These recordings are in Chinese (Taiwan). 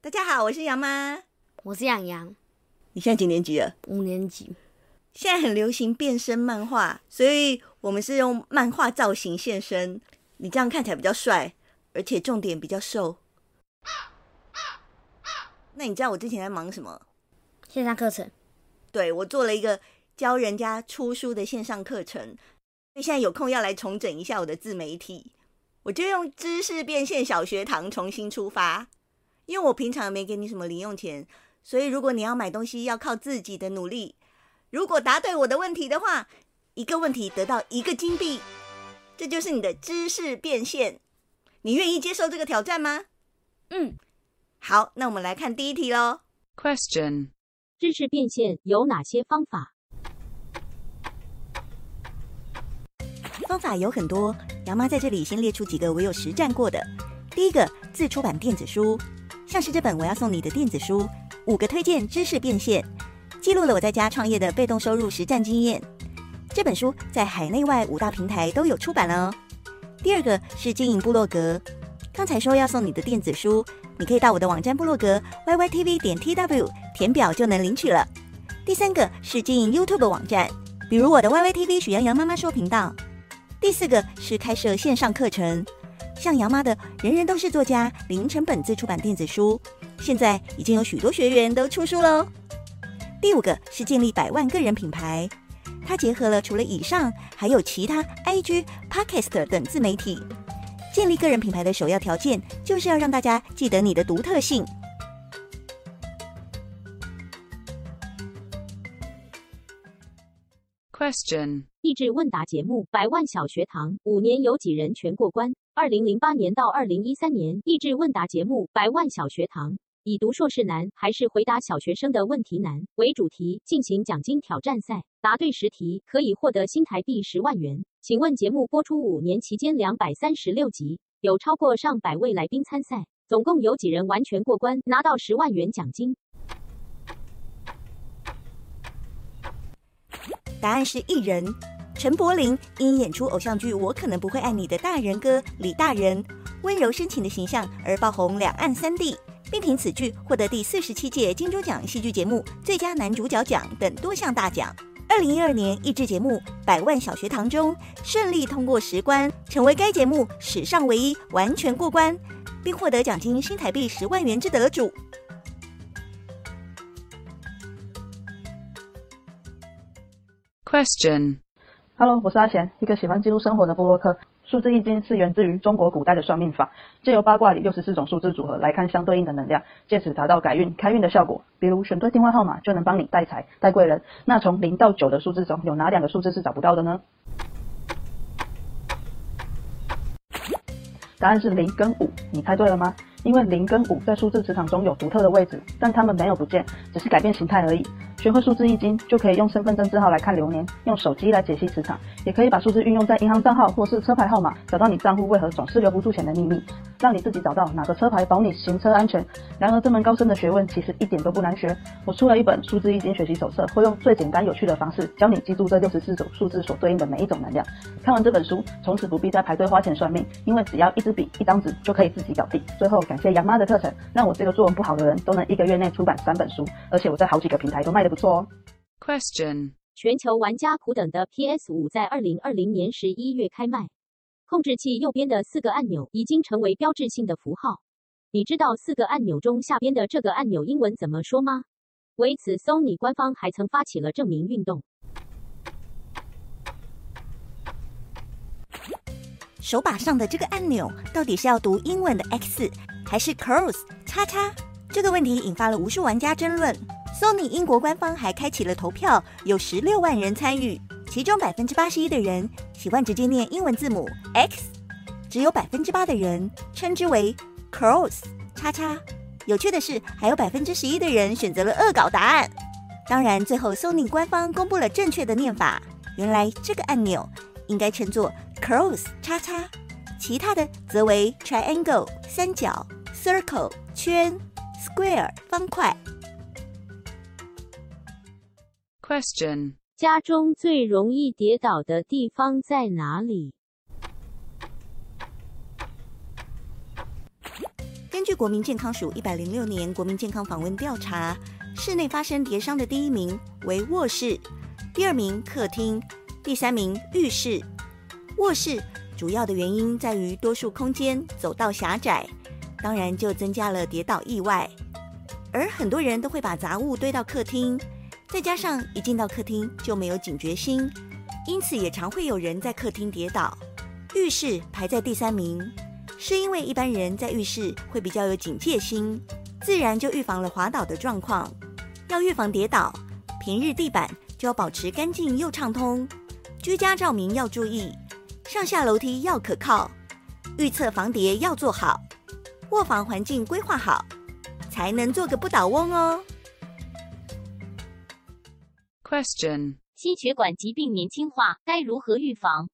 大家好，我是洋媽，我是洋洋。你現在幾年級了？五年級。現在很流行變身漫畫，所以我們是用漫畫造型現身。你這樣看起來比較帥，而且重點比較瘦。 那你知道我之前在忙什麼？線上課程。對，我做了一個教人家出書的線上課程，所以現在有空要來重整一下我的自媒體，我就用知識變現小學堂重新出發。因為我平常沒給你什麼零用錢，所以如果你要買東西要靠自己的努力。如果答對我的問題的話，一個問題得到一個金幣，這就是你的知識變現。你願意接受這個挑戰嗎？嗯，好，那我們來看第一題嘍。Question：知識變現有哪些方法？方法有很多，楊媽在這裡先列出幾個我有實戰過的。第一個，自出版電子書。像是這本我要送你的電子書《五個推薦知識變現》，記錄了我在家創業的被動收入實戰經驗。這本書在海內外五大平台都有出版了哦。第二個是經營部落格，剛才說要送你的電子書，你可以到我的網站部落格 yytv 點 tw 填表就能領取了。第三個是經營 YouTube 網站，比如我的 yytv 許洋洋媽媽說頻道。第四個是開設線上課程。像洋媽的“人人都是作家”，零成本自出版電子書，現在已經有許多學員都出書嘍。第五個是建立百萬個人品牌，它結合了除了以上，還有其他 IG、Podcast 等自媒體。建立個人品牌的首要條件，就是要讓大家記得你的獨特性。Question. 益智問答節目《百萬小學堂》五年有幾人全過關？二零零八年到二零一三年，益智問答節目《百萬小學堂》以“讀碩士難還是回答小學生的問題難”為主題進行獎金挑戰賽，答對十題可以獲得新台幣十萬元。請問節目播出五年期間兩百三十六集，有超過上百位來賓參賽，總共有幾人完全過關，拿到十萬元獎金？答案是一人。陳柏霖因演出偶像劇《我可能不會愛你》的大仁哥李大仁，溫柔深情的形象而爆紅兩岸三地，並憑此劇獲得第四十七屆金鐘獎戲劇節目最佳男主角獎等多項大獎。二零一二年益智節目《百萬小學堂》中順利通過十關，成為該節目史上唯一完全過關，並獲得獎金新台幣十萬元之得主。Question. Hello，我是阿賢，一個喜歡記錄生活的部落客。數字易經是源自於中國古代的算命法，借由八卦裡六十四種數字組合來看相對應的能量，借此達到改運、開運的效果。比如選對電話號碼就能幫你帶財、帶貴人。那從零到九的數字中有哪兩個數字是找不到的呢？答案是零跟五。你猜對了嗎？因為零跟五在數字磁場中有獨特的位置，但它們沒有不見，只是改變形態而已。學會數字易經，就可以用身份證字號來看流年，用手機來解析磁場，也可以把數字運用在銀行賬號或是車牌號碼，找到你賬戶為何總是留不住錢的秘密，讓你自己找到哪個車牌保你行車安全。然而這門高深的學問其實一點都不難學，我出了一本《數字易經學習手冊》，會用最簡單有趣的方式教你記住這六十四種數字所對應的每一種能量。看完這本書，從此不必再排隊花錢算命，因為只要一支筆、一張紙就可以自己搞定。最後感謝洋媽的課程，讓我這個作文不好的人都能一個月內出版三本書，而且我在好幾個平台都賣不錯。Question：全球玩家苦等的 PS 五在二零二零年十一月開賣，控制器右邊的四個按鈕已經成為標誌性的符號。你知道四個按鈕中下邊的這個按鈕英文怎麼說嗎？為此，Sony 官方還曾發起了正名運動。手把上的這個按鈕到底是要讀英文的 X 還是 Cross（ 叉叉）？這個問題引發了無數玩家爭論。Sony 英國官方還開啟了投票，有十六萬人參與，其中百分之八十一的人喜歡直接念英文字母 X，只有百分之八的人稱之為 Cross 叉叉。有趣的是，還有百分之十一的人選擇了惡搞答案。當然，最後 Sony 官方公布了正確的念法，原來這個按鈕應該稱作 Cross 叉叉，其他的則為 Triangle 三角、Circle 圈、Square 方塊。Question：家中最容易跌倒的地方在哪裡？根據國民健康署一百零六年國民健康訪問調查，室內發生跌傷的第一名為臥室，第二名客廳，第三名浴室。臥室主要的原因在於多數空間走道狹窄，當然就增加了跌倒意外。而很多人都會把雜物堆到客廳。再加上一進到客廳就沒有警覺心，因此也常會有人在客廳跌倒。浴室排在第三名，是因為一般人在浴室會比較有警戒心，自然就預防了滑倒的狀況。要預防跌倒，平日地板就要保持乾淨又暢通，居家照明要注意，上下樓梯要可靠，浴廁防跌要做好，臥房環境規劃好，才能做個不倒翁哦。question：心血管疾病年輕化，該如何預防？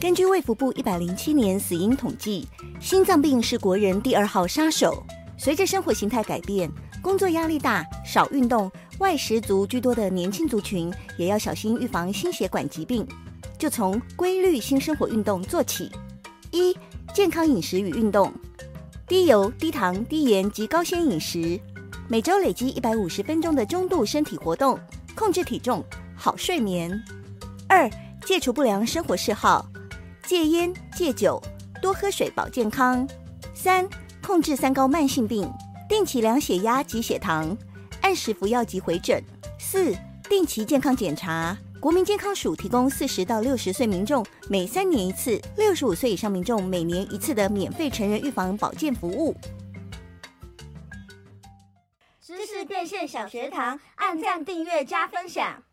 根據衛福部一百零七年死因統計，心臟病是國人第二號殺手。隨着生活形態改變，工作壓力大、少運動、外食族居多的年輕族群，也要小心預防心血管疾病。就從規律性生活運動做起。一、健康飲食與運動：低油、低糖、低鹽及高纖飲食。每周累積一百五十分鐘的中度身體活動，控制體重，好睡眠。二，戒除不良生活嗜好，戒菸戒酒，多喝水保健康。三，控制三高慢性病，定期量血壓及血糖，按時服藥及回診。四，定期健康檢查。國民健康署提供四十到六十歲民眾每三年一次，六十五歲以上民眾每年一次的免費成人預防保健服務。變現小學堂，按讚、訂閱、加分享。